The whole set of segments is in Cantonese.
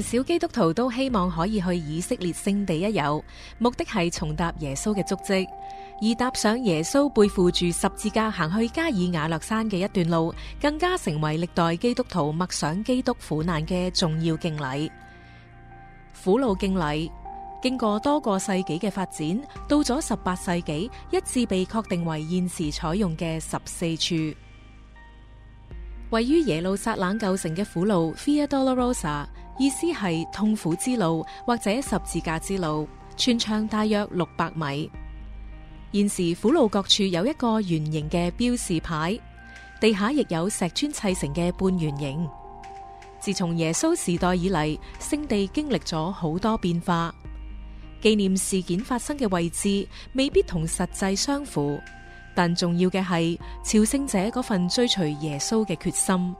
少基督徒都希望可以去以色列聖地一遊，目的係重踏耶穌嘅足跡，而踏上耶穌背負住十字架行去加爾瓦略山嘅一段路，更加成為歷代基督徒默想基督苦難嘅重要敬禮。苦路敬禮經過多個世紀嘅發展，到咗十八世紀，一致被確定為現時採用嘅十四處，位於耶路撒冷舊城嘅苦路 （Via Dolorosa）。意思係痛苦之路或者十字架之路，全長大約六百米。現時苦路各處有一個圓形嘅標示牌，地下亦有石磚砌成嘅半圓形。自從耶穌時代以嚟，聖地經歷咗好多變化，紀念事件發生嘅位置未必同實際相符，但重要嘅係朝聖者嗰份追隨耶穌嘅決心，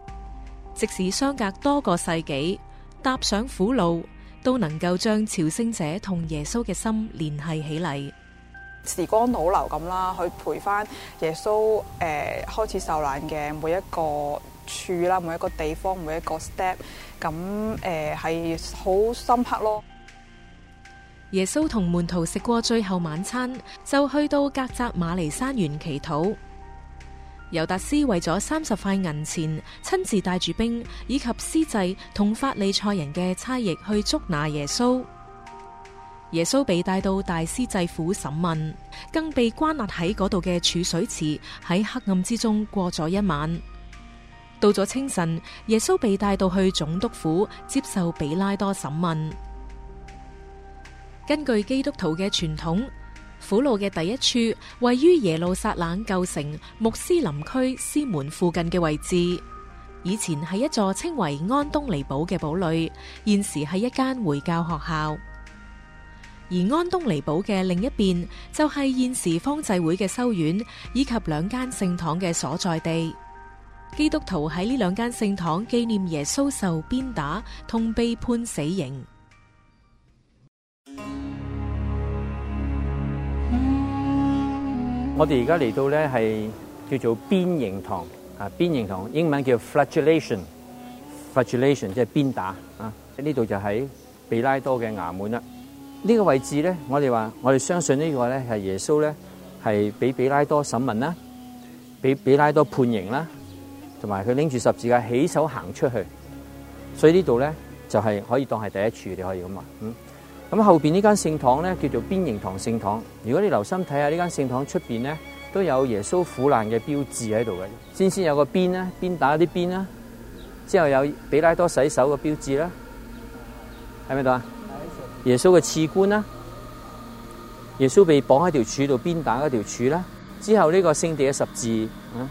即使相隔多個世紀。踏上苦路都能夠將朝聖者同耶穌嘅心聯繫起嚟，時光倒流咁啦，去陪翻耶穌誒、呃、開始受難嘅每一個處啦，每一個地方，每一個 step，咁誒係好深刻咯。耶穌同門徒食過最後晚餐，就去到格扎馬尼山園祈禱。尤達斯為咗三十塊銀錢，親自帶住兵以及司祭同法利賽人嘅差役去捉拿耶穌。耶穌被帶到大司祭府審問，更被關押喺嗰度嘅儲水池，喺黑暗之中過咗一晚。到咗清晨，耶穌被帶到去總督府接受比拉多審問。根據基督徒嘅傳統。苦路嘅第一處位於耶路撒冷舊城穆斯林區獅門附近嘅位置，以前係一座稱為安東尼堡嘅堡壘，現時係一間回教學校。而安東尼堡嘅另一邊就係、是、現時方濟會嘅修院以及兩間聖堂嘅所在地。基督徒喺呢兩間聖堂紀念耶穌受鞭打同被判死刑。我哋而家嚟到咧，係叫做鞭刑堂啊！鞭刑堂英文叫 flagellation，flagellation 即係鞭打啊！呢度就喺比拉多嘅衙門啦。呢、呢個位置咧，我哋話我哋相信呢個呢個咧係耶穌咧，係俾比拉多審問啦，俾比拉多判刑啦，同埋佢拎住十字架起手行出去。所以呢度呢度咧就係、係、可以當係第一處，你可以咁話，嗯。咁後面間聖呢間聖堂咧叫做邊形堂聖堂。如果你留心睇下呢間聖堂出面咧，都有耶穌苦難嘅標誌喺度嘅。先先有個鞭啦，鞭打啲鞭啦，之後有彼拉多洗手嘅標誌啦，喺咪度啊？耶穌嘅刺冠啦，耶穌被綁喺條柱度鞭打嗰條柱啦，之後呢個聖地嘅十字啊、嗯，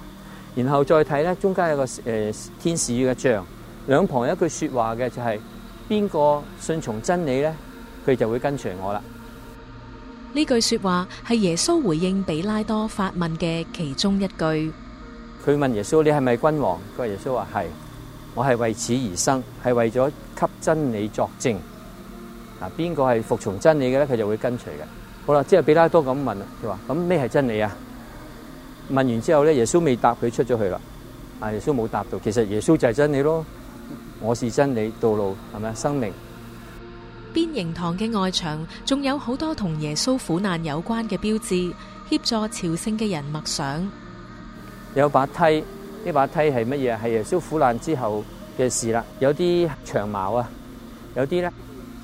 然後再睇咧中間有個、呃、天使嘅像，兩旁有一句說話嘅就係、是、邊個信從真理咧？佢就會跟隨我啦。呢句說話係耶穌回應比拉多發問嘅其中一句。佢問耶穌：你係咪君王？佢話耶穌話係，我係為此而生，係為咗給真理作證。嗱、啊，邊個係服從真理嘅咧？佢就會跟隨嘅。好啦，之後比拉多咁問啦，佢話：咁咩係真理啊？問完之後咧，耶穌未答佢出咗去啦。啊，耶穌冇答到。其實耶穌就係真理咯，我是真理，道路係咪啊，生命。邊刑堂嘅外牆仲有好多同耶穌苦難有關嘅標誌，協助朝聖嘅人默想。有把梯，呢把梯係乜嘢？係耶穌苦難之後嘅事啦。有啲長矛啊，有啲咧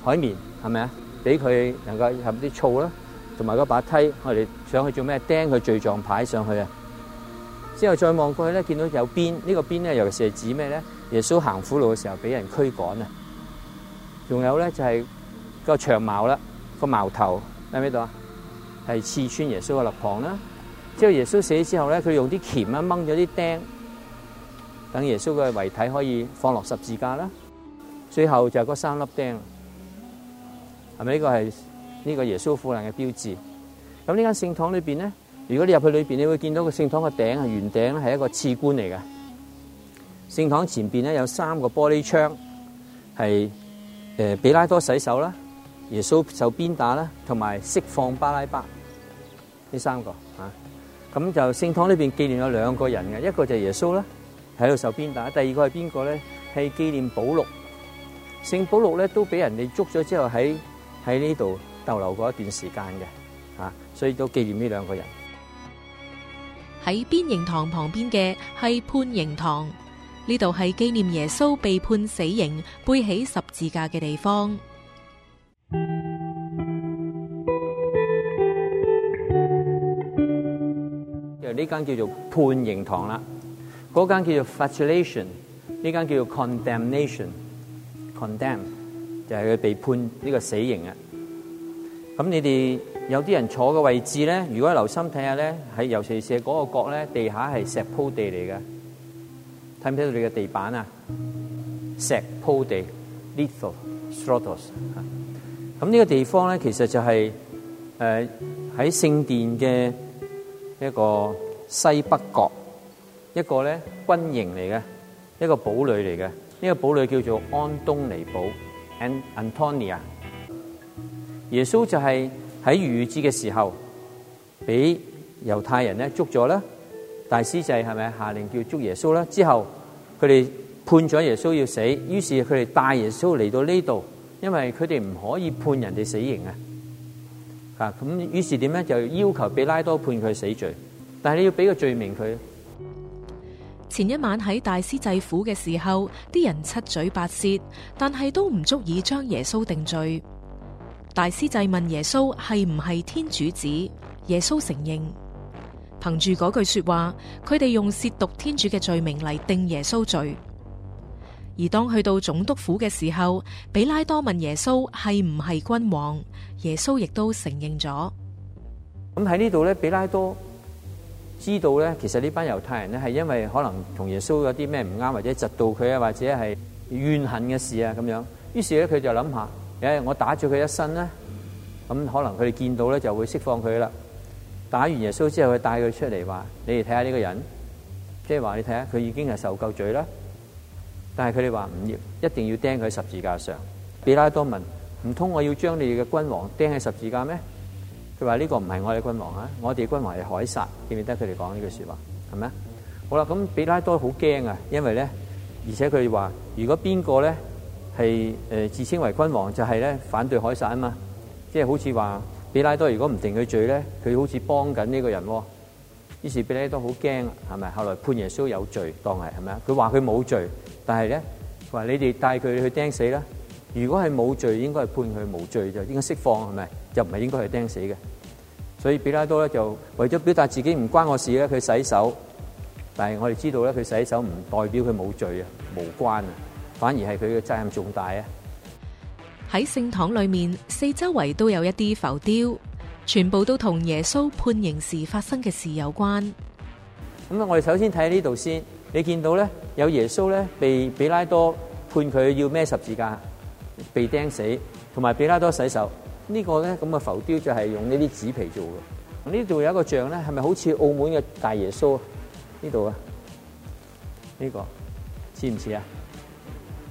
海綿，係咪啊？俾佢能夠含啲醋啦，同埋嗰把梯，我哋上去做咩？釘佢罪狀牌上去啊！之後再望過去咧，見到有邊呢、呢個邊咧，尤其係指咩咧？耶穌行苦路嘅時候俾人驅趕啊！仲有咧就係、是。個長矛啦，個矛頭喺邊度啊？係刺穿耶穌嘅肋旁啦。之後耶穌死之後咧，佢用啲鉗啊掹咗啲釘，等耶穌嘅遺體可以放落十字架啦。最後就係嗰三粒釘，係咪呢個係呢個耶穌苦難嘅標誌？咁呢間聖堂裏邊咧，如果你入去裏邊，你會見到個聖堂個頂係圓頂咧，係一個刺冠嚟嘅。聖堂前邊咧有三個玻璃窗，係誒比拉多洗手啦。耶穌受鞭打啦，同埋釋放巴拉巴呢三個啊，咁就聖堂呢邊紀念咗兩個人嘅，一個就耶穌啦，喺度受鞭打；第二個係邊個咧？係紀念保禄。聖保禄咧都俾人哋捉咗之後喺喺呢度逗留過一段時間嘅啊，所以都紀念呢兩個人。喺鞭刑堂旁邊嘅係判刑堂，呢度係紀念耶穌被判死刑、背起十字架嘅地方。呢間叫做判刑堂啦，嗰間叫做 flagellation，呢間叫做 condemnation，condemn 就係佢被判呢個死刑啊。咁你哋有啲人坐嘅位置咧，如果留心睇下咧，喺尤其是喺嗰個角咧，地下係石鋪地嚟嘅。睇唔睇到你嘅地板啊？石鋪地，Lithostrotos。咁呢個地方咧，其實就係誒喺聖殿嘅一個。西北角一個咧軍營嚟嘅一個堡壘嚟嘅，呢個堡壘叫做安東尼堡 （Antonia）。耶穌就係喺逾越節嘅時候，俾猶太人咧捉咗啦。大司祭係咪下令叫捉耶穌啦？之後佢哋判咗耶穌要死，於是佢哋帶耶穌嚟到呢度，因為佢哋唔可以判人哋死刑啊。啊，咁於是點咧，就要求比拉多判佢死罪。但係你要俾個罪名佢。前一晚喺大司祭府嘅時候，啲人七嘴八舌，但係都唔足以將耶穌定罪。大司祭問耶穌係唔係天主子，耶穌承認。憑住嗰句說話，佢哋用褻瀆天主嘅罪名嚟定耶穌罪。而當去到總督府嘅時候，比拉多問耶穌係唔係君王，耶穌亦都承認咗。咁喺呢度咧，比拉多。知道咧，其實呢班猶太人咧係因為可能同耶穌有啲咩唔啱，或者窒到佢啊，或者係怨恨嘅事啊咁樣。於是咧，佢就諗下：誒，我打咗佢一身啦，咁可能佢哋見到咧就會釋放佢啦。打完耶穌之後，佢帶佢出嚟話：你哋睇下呢個人，即係話你睇下佢已經係受夠罪啦。但係佢哋話唔要，一定要釘佢喺十字架上。彼拉多問：唔通我要將你哋嘅君王釘喺十字架咩？佢話呢個唔係我哋君王啊，我哋君王係凱撒，記唔記得佢哋講呢句説話？係咪啊？好啦，咁比拉多好驚啊，因為咧，而且佢話，如果邊個咧係誒自稱為君王，就係、是、咧反對凱撒啊嘛，即係好似話比拉多如果唔定佢罪咧，佢好似幫緊呢個人喎、啊。於是比拉多好驚，係咪？後來判耶穌有罪，當係係咪啊？佢話佢冇罪，但係咧，佢話你哋帶佢去釘死啦。如果係冇罪，應該係判佢無罪，就應該釋放，係咪？又唔係應該係釘死嘅。所以彼拉多咧就為咗表達自己唔關我事咧，佢洗手。但係我哋知道咧，佢洗手唔代表佢冇罪啊，無關啊，反而係佢嘅責任重大啊。喺聖堂裏面，四周圍都有一啲浮雕，全部都同耶穌判刑時發生嘅事有關。咁我哋首先睇下呢度先，你見到咧有耶穌咧被彼拉多判佢要孭十字架。被釘死，同埋比拉多洗手，這個、呢個咧，咁啊浮雕就係用呢啲紙皮做嘅。呢度有一個是不是像咧，係咪好似澳門嘅大耶穌啊？呢度啊，呢、這個似唔似啊？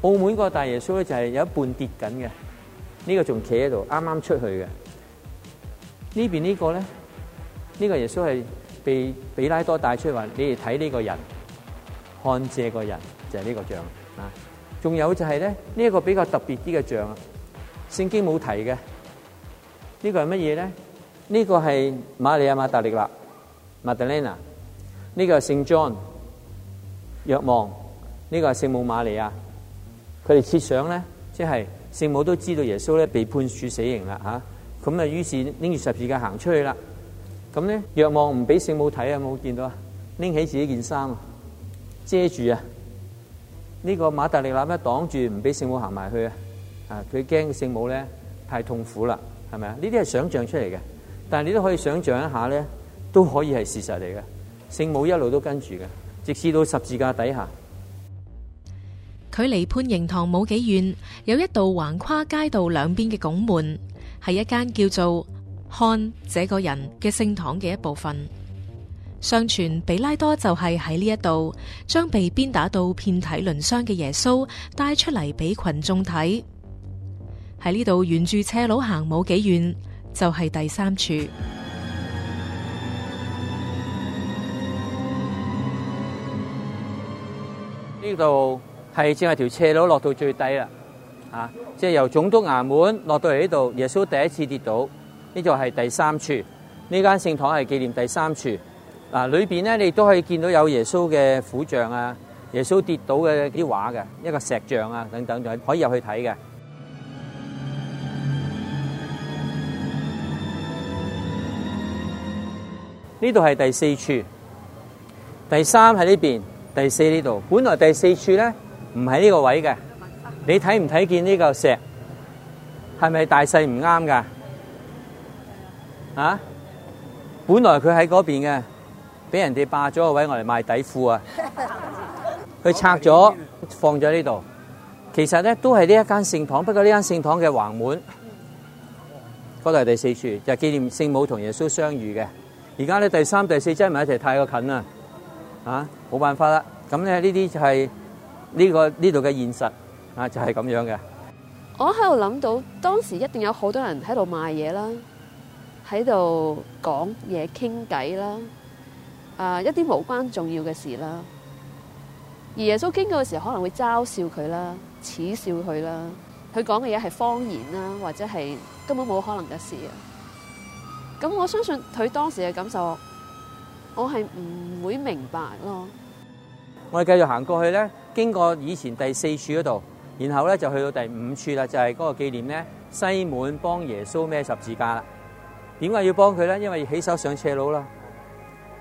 澳門個大耶穌咧就係有一半跌緊嘅，呢、這個仲企喺度，啱啱出去嘅。這邊這個呢邊呢個咧，呢、這個耶穌係被比拉多帶出去，話：你哋睇呢個人，看這個人就係呢個像啊！仲有就係咧，呢一個比較特別啲嘅像啊，聖經冇提嘅，呢個、呢、呢個係乜嘢咧？呢、呢個係瑪利亞·瑪達力娜，瑪達琳娜，呢個係聖 John。若望，呢、呢個係聖母瑪利亞。佢哋設想咧，即係聖母都知道耶穌咧被判處死刑啦嚇，咁啊於是拎住十字架行出去啦。咁咧若望唔俾聖母睇啊，冇見到，拎起自己件衫遮住啊。呢、這個馬達利亞咧擋住，唔俾聖母行埋去啊！啊，佢驚聖母咧太痛苦啦，係咪啊？呢啲係想像出嚟嘅，但係你都可以想像一下咧，都可以係事實嚟嘅。聖母一路都跟住嘅，直至到十字架底下。距離判刑堂冇幾遠，有一道橫跨街道兩邊嘅拱門，係一間叫做看這個人嘅聖堂嘅一部分。相傳比拉多就係喺呢一度將被鞭打到遍體鱗傷嘅耶穌帶出嚟俾群眾睇。喺呢度沿住斜路行冇幾遠就係第三處。呢度係正係條斜路落到最低啦，啊，即係由總督衙門落到嚟呢度，耶穌第一次跌倒，呢度係第三處。呢間聖堂係紀念第三處。嗱，裏邊咧你都可以見到有耶穌嘅苦像啊，耶穌跌倒嘅啲畫嘅，一個石像啊等等，就可以入去睇嘅。呢度係第四處，第三喺呢邊，第四呢度。本來第四處咧唔喺呢個位嘅，你睇唔睇見呢嚿石？係咪大細唔啱噶？啊？本來佢喺嗰邊嘅。俾人哋霸咗個位，我嚟賣底褲啊！佢拆咗，放咗呢度。其實咧都係呢一間聖堂，不過呢間聖堂嘅橫門，嗰度係第四處，就紀念聖母同耶穌相遇嘅。而家咧第三、第四真係唔一齊，太過近啦。啊，冇辦法啦。咁咧呢啲就係呢個呢度嘅現實啊，就係咁樣嘅。我喺度諗到，當時一定有好多人喺度賣嘢啦，喺度講嘢、傾偈啦。啊！一啲無關重要嘅事啦，而耶穌經過嘅時候可能會嘲笑佢啦，恥笑佢啦，佢講嘅嘢係謊言啦，或者係根本冇可能嘅事啊。咁我相信佢當時嘅感受，我係唔會明白咯。我哋繼續行過去咧，經過以前第四處嗰度，然後咧就去到第五處啦，就係、是、嗰個紀念咧西門幫耶穌孭十字架啦。點解要幫佢咧？因為要起手上斜路啦。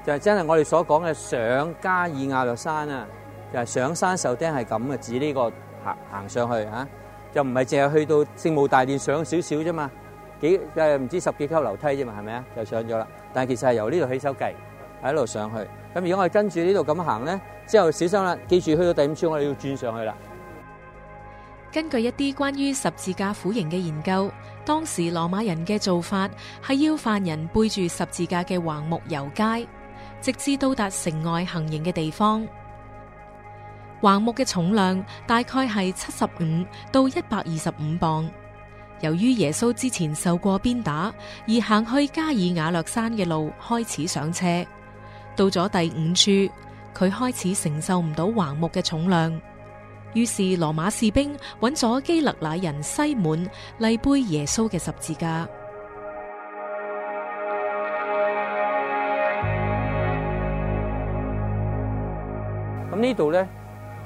就係、是、真係我哋所講嘅上加爾亞落山，就是山這個、啊！就係上山受釘係咁嘅，指呢個行行上去就唔係淨係去到聖母大殿上少少啫嘛，唔、啊、知十幾級樓梯啫嘛，係咪啊？就上咗啦。但係其實係由呢度起手計，喺度上去。咁如果我哋跟住呢度咁行咧，之後小心啦！記住去到第五處，我哋要轉上去啦。根據一啲關於十字架苦刑嘅研究，當時羅馬人嘅做法係要犯人背住十字架嘅橫木遊街。直至到達城外行刑嘅地方，橫木嘅重量大概係七十五到一百二十五磅。由於耶穌之前受過鞭打，而行去加爾瓦略山嘅路開始上斜，到咗第五處，佢開始承受唔到橫木嘅重量，於是羅馬士兵揾咗基勒乃人西滿嚟背耶穌嘅十字架。呢度咧，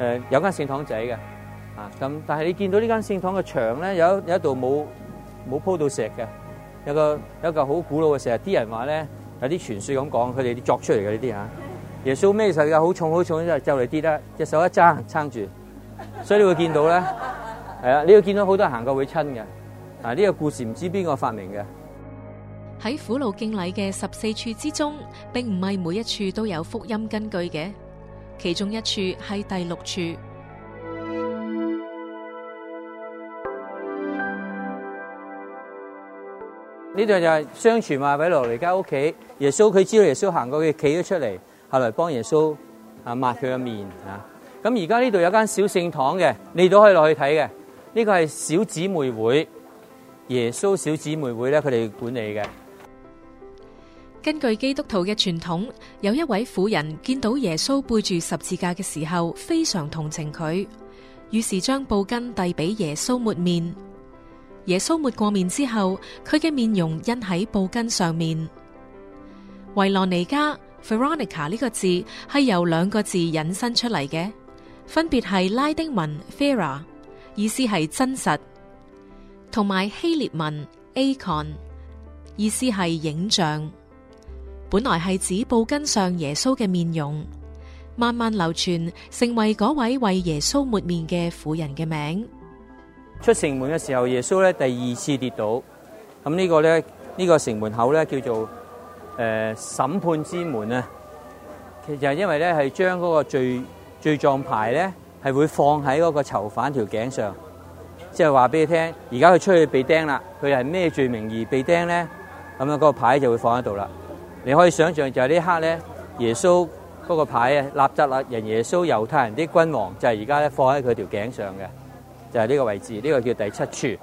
誒有間聖堂仔嘅，啊咁，但係你見到呢間聖堂嘅牆咧，有有一度冇冇鋪到石嘅，有個有一嚿好古老嘅石，啲人話咧有啲傳說咁講，佢哋作出嚟嘅呢啲吓。耶穌孭時候好重好重咧，就嚟跌啦，隻手一揸撐住，所以你會見到咧，係啊，你會見到好多人行過會親嘅。啊，呢個故事唔知邊個發明嘅。喺苦路敬禮嘅十四處之中，並唔係每一處都有福音根據嘅。其中一處係第六處，呢度就係相傳話俾羅尼家屋企耶穌佢知道耶穌行過去，佢企咗出嚟，後來幫耶穌啊抹佢個面啊。咁而家呢度有間小聖堂嘅，你都可以落去睇嘅。呢、這個係小姊妹會耶穌小姊妹會咧，佢哋管理嘅。根據基督徒嘅傳統，有一位婦人見到耶穌背住十字架嘅時候，非常同情佢，於是將布巾遞俾耶穌抹面。耶穌抹過面之後，佢嘅面容印喺布巾上面。維羅尼加，羅尼加 （Veronica） 呢個字係由兩個字引申出嚟嘅，分別係拉丁文 Vera 意思係真實，同埋希臘文 “Acon” 意思係影像。本來係指布巾上耶穌嘅面容，慢慢流傳，成為嗰位為耶穌抹面嘅婦人嘅名。出城門嘅時候，耶穌咧第二次跌倒。咁、這個、呢個咧，呢個城門口咧叫做誒、呃、審判之門啊。其實係因為咧係將嗰個罪罪狀牌咧係會放喺嗰個囚犯條頸上，即係話俾你聽。而家佢出去被釘啦，佢係咩罪名而被釘咧？咁樣嗰個牌就會放喺度啦。你可以想象就係呢刻咧，耶穌嗰個牌啊，納匝肋人耶穌猶太人啲君王，就係而家咧放喺佢條頸上嘅，就係呢個位置，呢個叫第七處。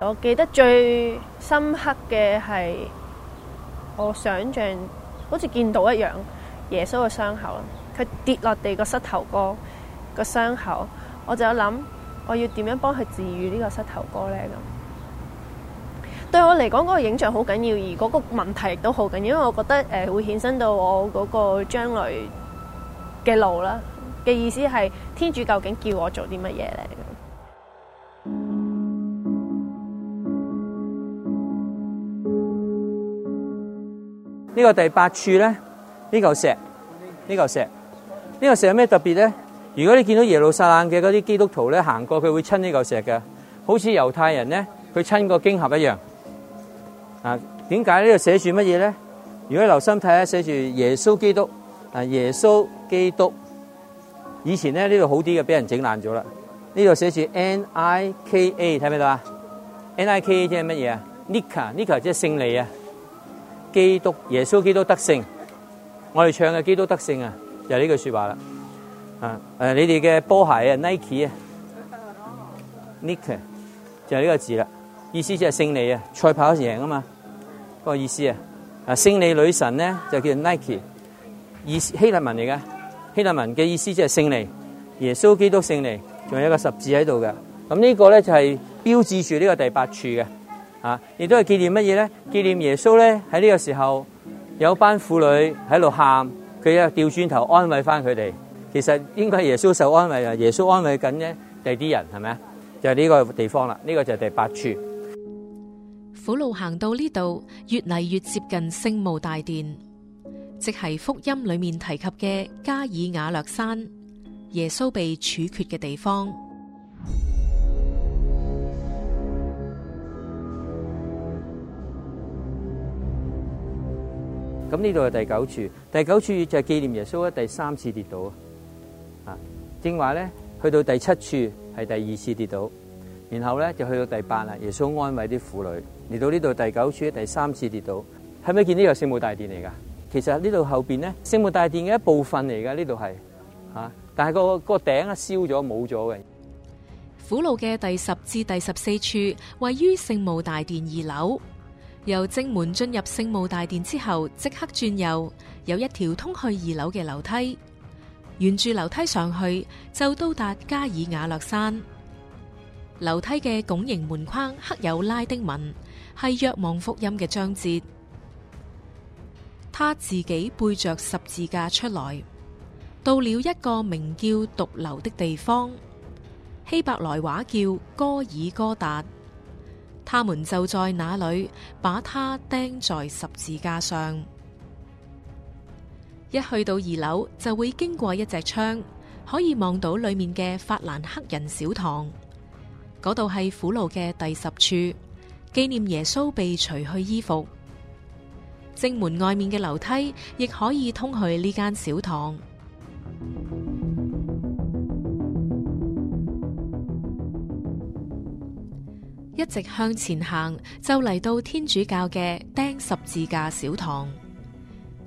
我記得最深刻嘅係我想象好似見到一樣，耶穌嘅傷口，佢跌落地個膝頭哥個傷口，我就有諗。我要點樣幫佢治癒呢個膝頭哥咧？咁對我嚟講，嗰個影像好緊要，而嗰個問題亦都好緊要，因為我覺得誒會衍生到我嗰個將來嘅路啦。嘅意思係天主究竟叫我做啲乜嘢咧？呢個第八處咧，呢嚿石，呢嚿石，呢嚿石有咩特別咧？如果你見到耶路撒冷嘅嗰啲基督徒咧行過，佢會親呢嚿石嘅，好似猶太人咧佢親個經盒一樣。啊，點解呢度寫住乜嘢咧？如果你留心睇咧，寫住耶穌基督啊，耶穌基督。以前咧呢度好啲嘅，俾人整爛咗啦。呢度寫住 N I K A 睇唔睇到啊？N I K A 即係乜嘢啊？Nika Nika 即係勝利啊。基督耶穌基督得勝。我哋唱嘅基督得勝啊，就呢句説話啦。啊！誒，你哋嘅波鞋啊，Nike 啊，Nike 就係呢個字啦。意思即係勝利啊，賽跑贏啊嘛，個意思啊。啊，勝利女神咧就叫 Nike，意希臘文嚟嘅。希臘文嘅意思即係勝利。耶穌基督勝利，仲有一個十字喺度嘅。咁呢個咧就係標誌住呢個第八處嘅啊，亦都係紀念乜嘢咧？紀念耶穌咧喺呢個時候有班婦女喺度喊，佢又掉轉頭安慰翻佢哋。其實應該係耶穌受安慰啊！耶穌在安慰緊呢，第啲人係咪啊？就係、是、呢個地方啦，呢、這個就係第八處。苦路行到呢度，越嚟越接近聖墓大殿，即係福音裏面提及嘅加爾瓦略山，耶穌被處決嘅地方。咁呢度係第九處，第九處就係紀念耶穌嘅第三次跌倒。正話咧，去到第七處係第二次跌倒，然後咧，就去到第八啦。耶穌安慰啲婦女，嚟到呢度第九處第三次跌倒，係咪見呢個聖墓大殿嚟噶？其實呢度後邊呢，聖墓大殿嘅一部分嚟噶，呢度係啊，但係個個頂啊燒咗冇咗嘅。苦路嘅第十至第十四處位於聖墓大殿二樓，由正門進入聖墓大殿之後，即刻轉右，有一條通去二樓嘅樓梯。沿住樓梯上去，就到達加爾瓦略山。樓梯嘅拱形門框刻有拉丁文，係《若望福音》嘅章節。他自己背着十字架出來，到了一個名叫髑髏的地方（希伯來話叫哥爾哥達），他們就在那裏把他釘在十字架上。一去到二樓，就會經過一隻窗，可以望到裏面嘅法蘭克人小堂。嗰度係苦路嘅第十處，紀念耶穌被除去衣服。正門外面嘅樓梯亦可以通去呢間小堂。一直向前行，就嚟到天主教嘅釘十字架小堂。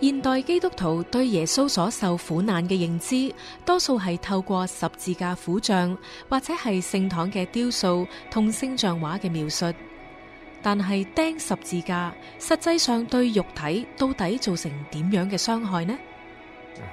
現代基督徒對耶穌所受苦難嘅認知，多數係透過十字架苦像或者係聖堂嘅雕塑同聖像畫嘅描述。但係釘十字架，實際上對肉體到底造成點樣嘅傷害呢？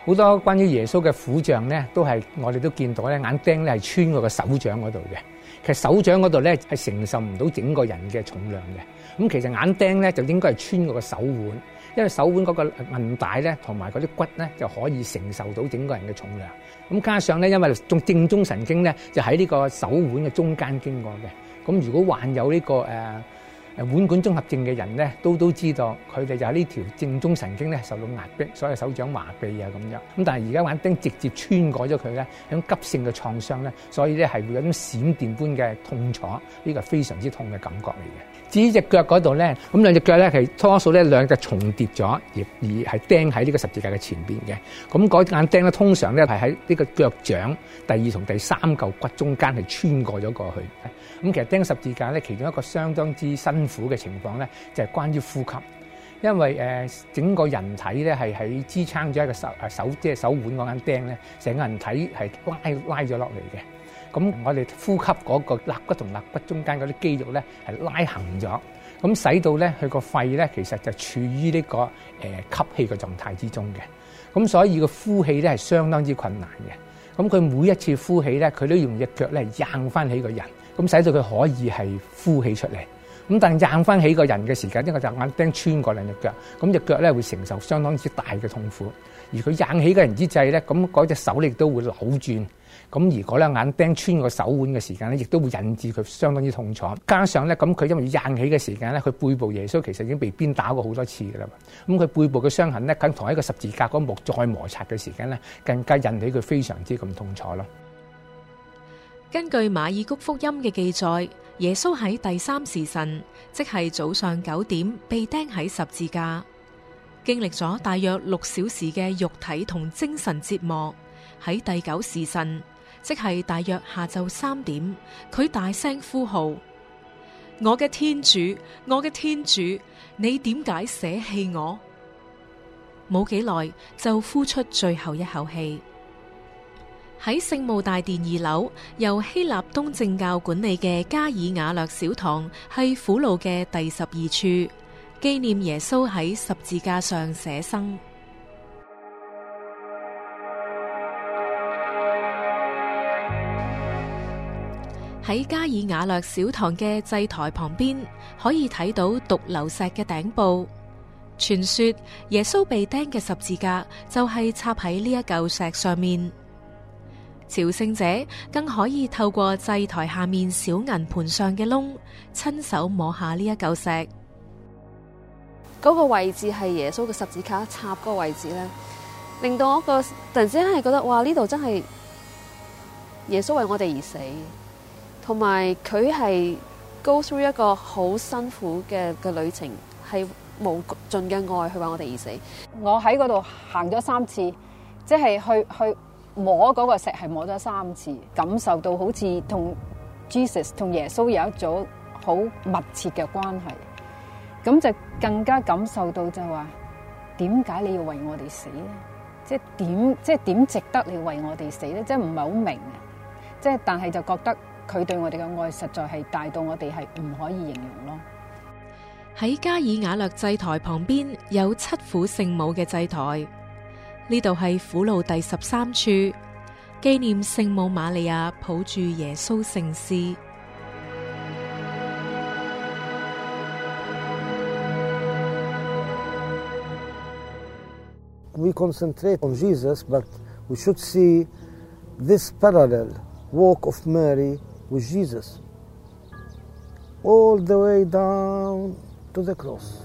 好多關於耶穌嘅苦像咧，都係我哋都見到咧，眼釘咧係穿過個手掌嗰度嘅。其實手掌嗰度咧係承受唔到整個人嘅重量嘅。咁其實眼釘咧就應該係穿過個手腕。因為手腕嗰個韌帶咧，同埋嗰啲骨咧，就可以承受到整個人嘅重量。咁加上咧，因為仲正中神經咧，就喺呢個手腕嘅中間經過嘅。咁如果患有呢個誒，誒腕管綜合症嘅人咧，都都知道佢哋就係呢條正中神經咧受到壓迫，所以手掌麻痹啊咁樣。咁但係而家眼釘直接穿過咗佢咧，係種急性嘅創傷咧，所以咧係會有一種閃電般嘅痛楚，呢個係非常之痛嘅感覺嚟嘅。至於隻腳嗰度咧，咁兩隻腳咧係多數咧兩隻重疊咗，而而係釘喺呢個十字架嘅前邊嘅。咁嗰個眼釘咧通常咧係喺呢個腳掌第二同第三嚿骨中間係穿過咗過去。咁其實釘十字架咧，其中一個相當之新苦嘅情況咧，就係關於呼吸，因為誒，整個人體咧係喺支撐咗一個手誒手即係手腕嗰間釘咧，成個人體係拉拉咗落嚟嘅。咁我哋呼吸嗰個肋骨同肋骨中間嗰啲肌肉咧係拉行咗，咁使到咧佢個肺咧其實就處於呢個誒吸氣嘅狀態之中嘅。咁所以個呼氣咧係相當之困難嘅。咁佢每一次呼氣咧，佢都用隻腳咧掹翻起個人，咁使到佢可以係呼氣出嚟。咁但係硬翻起個人嘅時間，呢個就眼釘穿過兩隻腳，咁隻腳咧會承受相當之大嘅痛苦。而佢硬起個人之際咧，咁嗰隻手咧亦都會扭轉。咁而嗰兩眼釘穿過手腕嘅時間咧，亦都會引致佢相當之痛楚。加上咧，咁佢因為硬起嘅時間咧，佢背部耶穌其實已經被鞭打過好多次㗎啦。咁佢背部嘅傷痕咧，咁同一個十字架嗰木再摩擦嘅時間咧，更加引起佢非常之咁痛楚咯。根據馬爾谷福音嘅記載，耶穌喺第三時辰，即係早上九點，被釘喺十字架，經歷咗大約六小時嘅肉體同精神折磨。喺第九時辰，即係大約下晝三點，佢大聲呼號：我嘅天主，我嘅天主，你點解捨棄我？冇幾耐就呼出最後一口氣。喺聖墓大殿二樓，由希臘東正教管理嘅加爾瓦略小堂係苦路嘅第十二處，紀念耶穌喺十字架上捨生。喺加爾瓦略小堂嘅祭台旁邊，可以睇到髑髏石嘅頂部。傳說耶穌被釘嘅十字架就係插喺呢一嚿石上面。朝聖者更可以透過祭台下面小銀盤上嘅窿，親手摸一下呢一嚿石。嗰個位置係耶穌嘅十字架插嗰個位置咧，令到我個突然之間係覺得，哇！呢度真係耶穌為我哋而死，同埋佢係 go through 一個好辛苦嘅嘅旅程，係無盡嘅愛去為我哋而死。我喺嗰度行咗三次，即係去去。去摸嗰個石係摸咗三次，感受到好似同 Jesus 同耶穌有一種好密切嘅關係，咁就更加感受到就話，點解你要為我哋死呢？即係點，即係點值得你為我哋死呢？即係唔係好明啊！即係但係就覺得佢對我哋嘅愛實在係大到我哋係唔可以形容咯。喺加爾瓦略祭台旁邊有七苦聖母嘅祭台。呢度係苦路第十三處，紀念聖母瑪利亞抱住耶穌聖屍。We concentrate on Jesus, but we should see this parallel walk of Mary with Jesus, all the way down to the cross.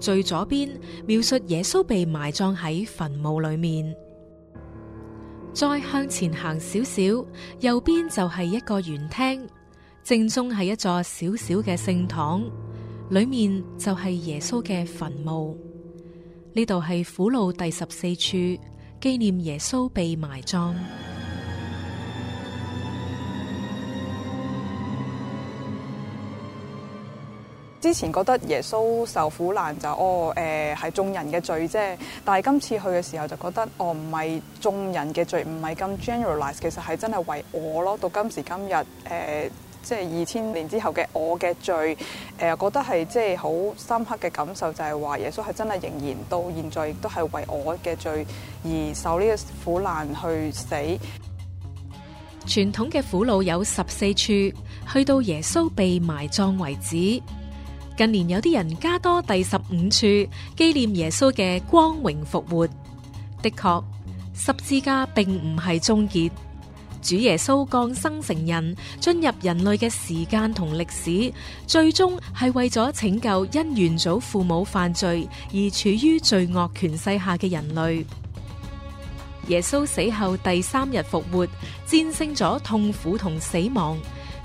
最左邊描述耶穌被埋葬喺墳墓裏面，再向前行少少，右邊就係一個圓廳，正中係一座小小嘅聖堂，裏面就係耶穌嘅墳墓。呢度係苦路第十四處，紀念耶穌被埋葬。之前覺得耶穌受苦難就哦誒係眾人嘅罪啫，但係今次去嘅時候就覺得哦唔係眾人嘅罪，唔係咁 generalize。其實係真係為我咯。到今時今日誒、呃，即係二千年之後嘅我嘅罪誒、呃，覺得係即係好深刻嘅感受就係、是、話耶穌係真係仍然到現在亦都係為我嘅罪而受呢個苦難去死。傳統嘅苦路有十四處，去到耶穌被埋葬為止。近年有啲人加多第十五處紀念耶穌嘅光榮復活。的確，十字架並唔係終結。主耶穌降生成人，進入人類嘅時間同歷史，最終係為咗拯救因元祖父母犯罪而處於罪惡權勢下嘅人類。耶穌死後第三日復活，戰勝咗痛苦同死亡。